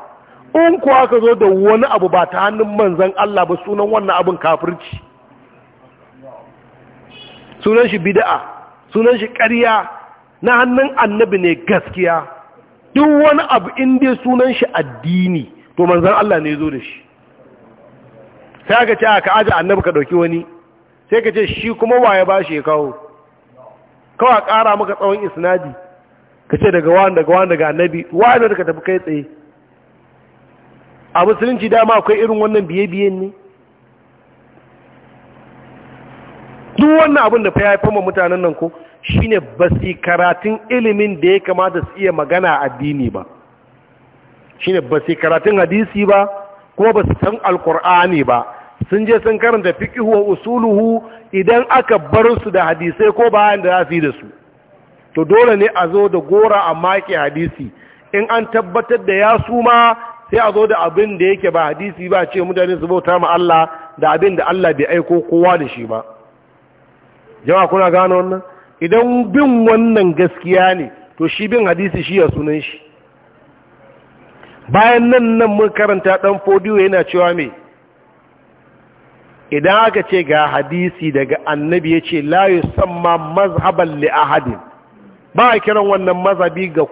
in kuwa ka zo da wani abu ba ta hannun manzan Allah ba sunan wannan abin kafirci sunan shi bida'a sunan shi ƙarya na hannun annabi ne gaskiya duk wani abu inda sunan shi addini to manzan Allah ne zo da shi sai aka ce aka aji annabi ka ɗauki wani sai ka ce shi kuma waye ba shi ya kawo kawai ƙara maka tsawon isnadi ka ce daga wani daga wani daga annabi wani daga tafi kai tsaye a musulunci dama akwai irin wannan biye-biyen ne duk wannan abin da fa ya fama mutanen nan ko shine ba su karatun ilimin da ya kamata su iya magana addini ba shine ba su karatun hadisi ba kuma ba su san alkur'ani ba sun je sun karanta fiqhu wa usuluhu idan aka bar su da hadisai ko bayan da za su yi da su to dole ne a zo da gora a maki hadisi in an tabbatar da ya suma sai a zo da abin da yake ba hadisi ba ce mutane su bauta ma Allah da abin da Allah bai aiko kowa da shi ba jama'a kuna gano wannan idan bin wannan gaskiya ne to shi bin hadisi shi ya sunan shi bayan nan nan mun karanta ɗan fodiyo yana cewa mai. idan aka ce ga hadisi daga annabi ya ce la yusamma mazhaban li ahadin ba a kiran wannan mazhabi ga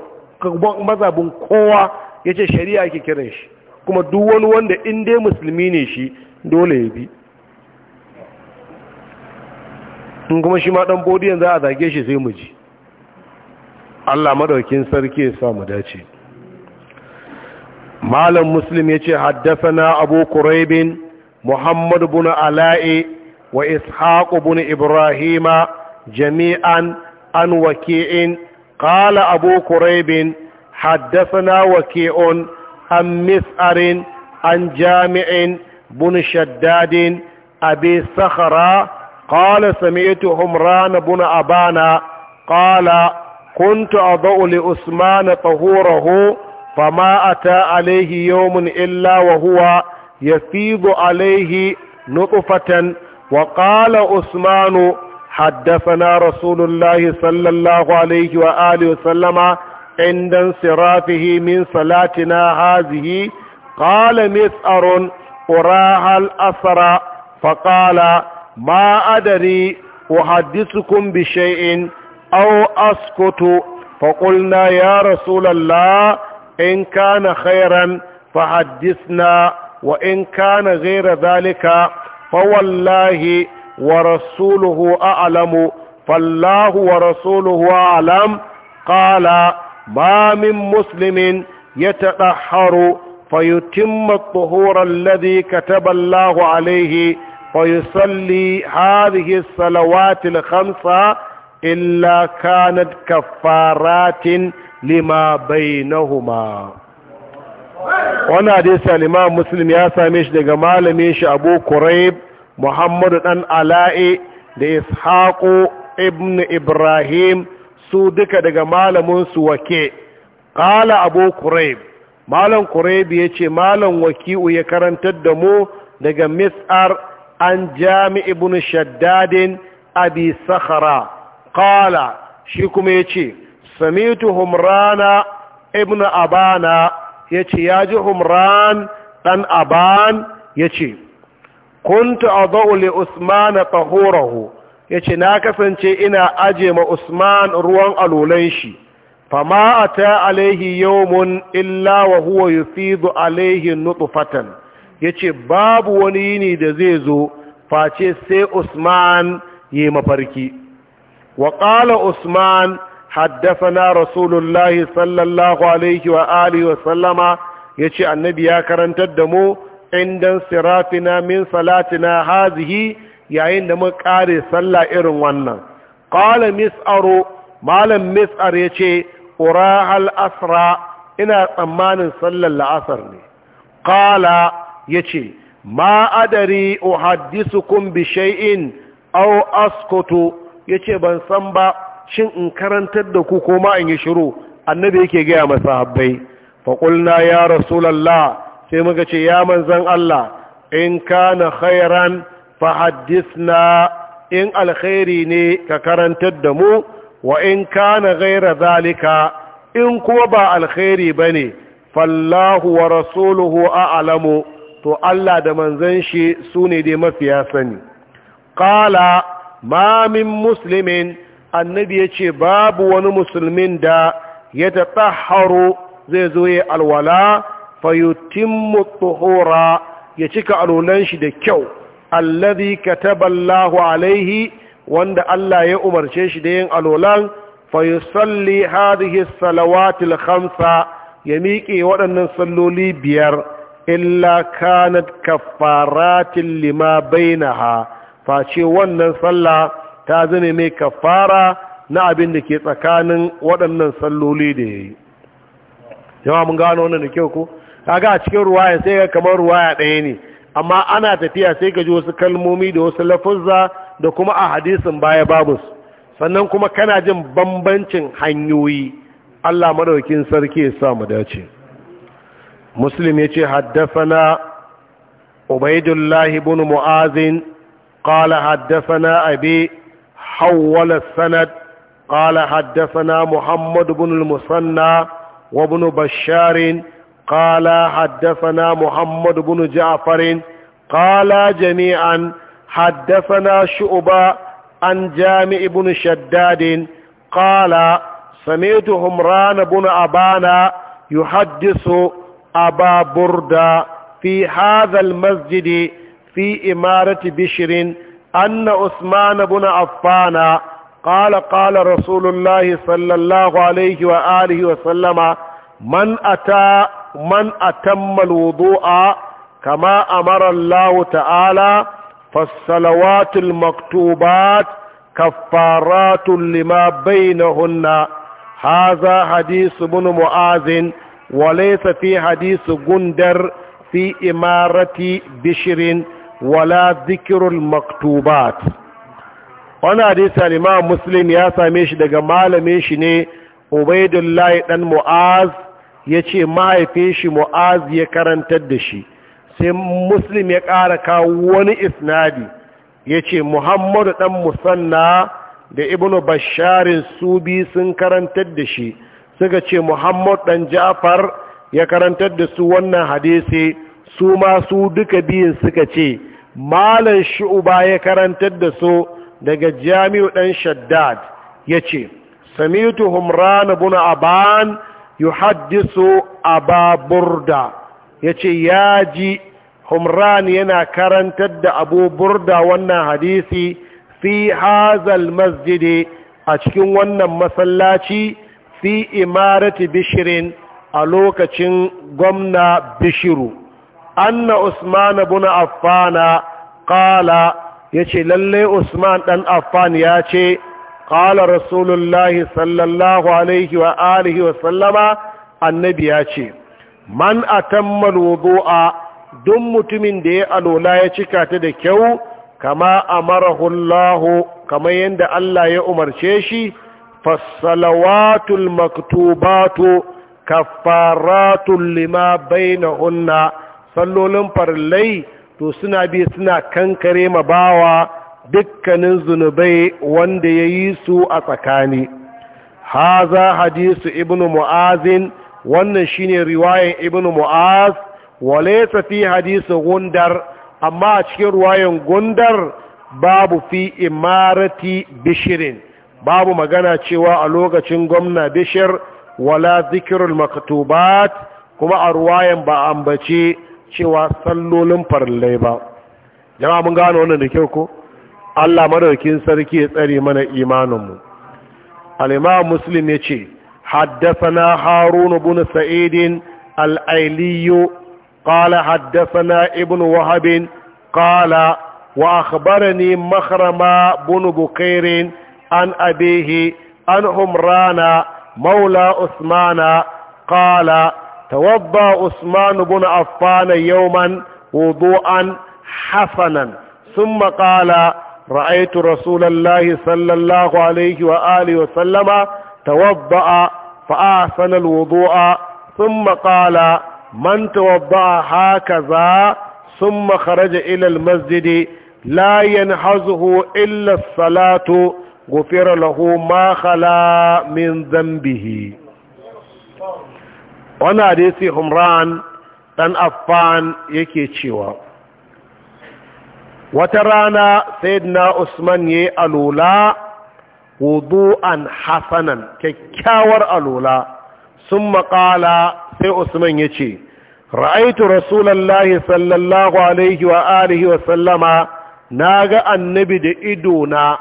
mazhabin kowa ya ce shari'a ke kiran shi kuma duk wanda inda dai musulmi ne shi dole ya bi kuma shi ma ɗan bodiyan za a zage shi sai mu ji Allah madaukin sarki ya sa mu dace malam muslim yace na abu kuraibin muhammad buna ala'i wa Ishaku buna ibrahima jami'an an waki'in qala abu kuraibin حدثنا وكيع عن مسعر عن جامع بن شداد أبي صخرة قال سمعت عمران بن أبانا قال كنت أضع لأثمان طهوره فما أتى عليه يوم إلا وهو يفيض عليه نطفة وقال عثمان حدثنا رسول الله صلى الله عليه وآله وسلم عند انصرافه من صلاتنا هذه قال مسأر أراها الأثر فقال ما أدري أحدثكم بشيء أو أسكت فقلنا يا رسول الله إن كان خيرا فحدثنا وإن كان غير ذلك فوالله ورسوله أعلم فالله ورسوله أعلم قال ما من مسلم يتطهر فيتم الطهور الذي كتب الله عليه فيصلي هذه الصلوات الخمسة إلا كانت كفارات لما بينهما وانا ديسا لما مسلم ياسا ميش دي غمال ميش أبو كريب محمد الآن علائي لإسحاق ابن إبراهيم su duka daga malaminsu wake ƙala abu kureb malam kureb ya ce malam waki'u ya karantar da mu daga mis'ar an jami ibn shaddadin abi sakhara ƙala shi kuma ya ce samitu humrana ibn abana ya ce ya ji humran ɗan aban ya ce kuntu a li usmana tahurahu ya ce na kasance ina aje ma usman ruwan alolan shi fama a ta alaihi yawmun illa wa huwa yufidu alaihi nutfatan ya ce babu wani yini da zai zo face sai usman yi mafarki wa ƙala usman na rasulullahi sallallahu alaihi wa alihi wa sallama ya ce annabi ya karantar da mu indan sirafina min salatina hazihi yayin da muka kare sallah irin wannan qala mis'aru malam mis'ar yace ura al asra ina tsammanin sallar la'asar ne qala yace ma adari uhaddisukum bi shay'in aw askutu yace ban san ba shin in karantar da ku ko ma in yi shiru annabi yake gaya masahabbai habbai qulna ya rasulullah sai muka ce ya manzan Allah in kana khairan fahaddisna in alkhairi ne ka karantar da mu wa in kana ghaira zalika in kuma ba alkhairi bane fallahu wa rasuluhu a'lamu to Allah da manzon shi sune dai mafiya sani qala ma min muslimin annabi yace babu wani musulmin da ya tatahharu zai zo ya alwala fayutimmu tuhura ya cika alulan shi da kyau allazi kataballahu alaihi wanda Allah ya umarce shi da yin alolan fa yusalli hadhihi salawatil khamsa ya miƙe waɗannan salloli biyar illa kanat kaffaratin lima bainaha face wannan sallah ta zame mai kaffara na abin da ke tsakanin waɗannan salloli da yayi jama'a mun gano wannan da kyau ko kaga a cikin ruwaya sai ga kamar ruwaya ɗaya ne amma ana tafiya sai ga ji wasu kalmomi da wasu lafuzza da kuma a hadisin baya babu sannan kuma kana jin bambancin hanyoyi Allah madaukin sarki ya sa mu dace muslim yace haddathana ubaydullah ibn muazin qala haddathana abi hawwala sanad qala haddathana muhammad ibn al-musanna wa ibn bashar قال حدثنا محمد بن جعفر قال جميعا حدثنا شعبة عن جامع بن شداد قال سمعت همران بن أبانا يحدث أبا بردة في هذا المسجد في إمارة بشر أن عثمان بن عفان قال قال رسول الله صلى الله عليه وآله وسلم من أتى man a tammal wudu'a kama amaran lawu ta'ala fassalawatul maktubat kaffaratun lima bainahunna haza hadisu bin mu'azin walaysa fi hadisu gundar fi imarati bishirin wala dhikrul maktubat Wani hadisi al-imam muslim ya same shi daga malamin shi ne ubaidullahi dan mu'az ya ce mahaifin shi mu'az ya karantar da shi sai muslim ya ƙara kawo wani isnadi ya ce muhammadu ɗan musanna da ibnu basharin bi sun karantar da shi suka ce muhammadu ɗan jafar ya karantar da su wannan hadisi su ma su duka biyun suka ce malan shu'uba ya karantar da su daga jami'u ɗan shaddad ya ce samitu humran ibn aban yuhaddisu aba burda yace yaji humran yana karantar da abu burda wannan hadisi fi hazal masjidi a cikin wannan masallaci fi imarati bishirin a lokacin gwamna bishiru anna usman ibn affana qala yace lalle usman dan affan yace qala rasulullahi sallallahu alaihi wa alihi wa sallama annabi ya ce man atammal wudu'a duk mutumin da ya alola ya cika ta da kyau kama a amarahu Allah kama yadda Allah ya umarce shi fasalawatul maktubatu kaffaratun na bainahunna sallolin farlai to suna biyu suna kankare ma bawa dukkanin zunubai wanda ya yi su a tsakani haza hadisu Ibn mu'azin wannan shine riwayan ibnu mu'az walaysa fi hadisu gundar amma a cikin riwayan gundar babu fi imarati bishirin babu magana cewa a lokacin gwamna bishir wala zikirul maktubat kuma a ruwayan ba ambace cewa sallolin farlai ba jama'a mun gano wannan da kyau ko Allah madaukin sarki ya tsare mana imaninmu al-imam muslim ce haddathana harun bin sa'id al ƙala qala haddathana ibn Wahabin, ƙala. wa ne makarama bin bukair an abehe, an humrana maula usmana qala توضا عثمان بن عفان يوما وضوءا حسنا sun maƙala ra'aitu rasulallahi sallallahu alaihi wa alihi wa sallama tawabba'a fa ahsana alwudu'a thumma qala man tawabba'a hakaza thumma kharaja ila almasjid la yanhazuhu illa as-salatu غفر له ما خلا من ذنبه وانا ديسي همران dan affan yake cewa wata rana sayyidina usman ya yi alola wudu'an hasanan kyakkyawar alola sun maƙala sai usman ya ce ra'aitu rasulallah sallallahu alaihi wa alihi wa sallama na ga annabi da idona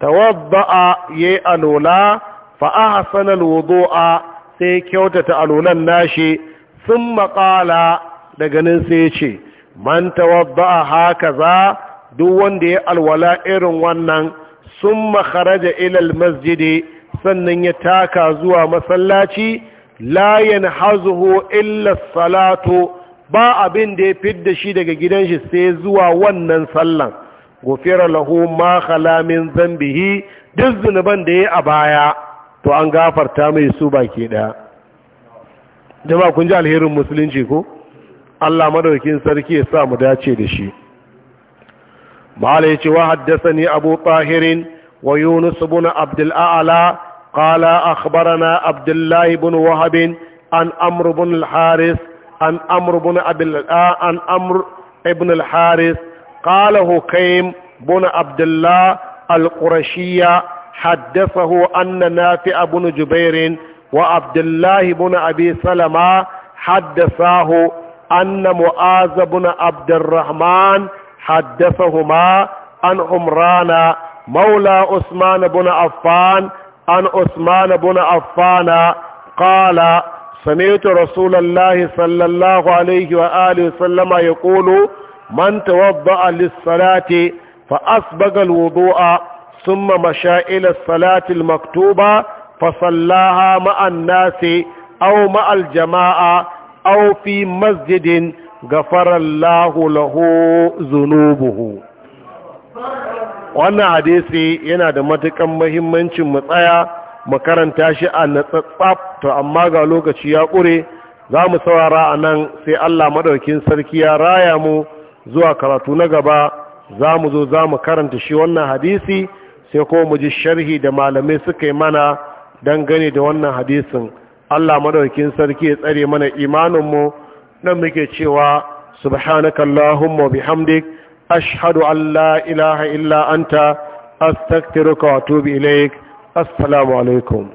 tawadda'a ya yi alola fa'ahasanar wudu'a sai kyautata alolan nashi sun maƙala daga nan sai ce man tawadda'a haka za duk wanda ya alwala irin wannan sun makaraja ilal masjidi sannan ya taka zuwa masallaci layan hazuhu illa salatu ba abin da ya da shi daga gidan shi sai zuwa wannan sallan gofira lahu ma khala zambihi duk zunuban da ya a baya to an gafarta mai su baki daya jama'a kun ji alherin musulunci ko Allah madaukakin sarki ya sa mu dace da shi باليت وحدثني أبو طاهر ويونس بن عبد الأعلى قال أخبرنا عبد الله بن وهب عن أمر بن الحارث عن أمر بن أبي عن أمر ابن الحارث قال هكيم بن عبد الله القرشي حدثه أن نافع بن جبير وعبد الله بن أبي سلمة حدثاه أن معاذ بن عبد الرحمن حدثهما عن عمران مولى عثمان بن عفان عن عثمان بن عفان قال سمعت رسول الله صلى الله عليه وآله وسلم يقول من توضأ للصلاة فأسبق الوضوء ثم مشى إلى الصلاة المكتوبة فصلاها مع الناس أو مع الجماعة أو في مسجد gafarallahu lahu zunubuhu wannan hadisi yana da matukan muhimmancin mu tsaya mu karanta shi a natsatsaf to amma ga lokaci ya ƙure za mu saurara a nan sai Allah madaukin sarki ya raya mu zuwa karatu na gaba za mu zo za mu karanta shi wannan hadisi sai ko mu ji sharhi da malamai suka yi mana dangane da wannan hadisin Allah madaukin sarki ya tsare mana imaninmu nan muke cewa subhanakallahumma bihamdik ashhadu an la ilaha illa anta astaghfiruka wa atubu ilaik assalamu alaikum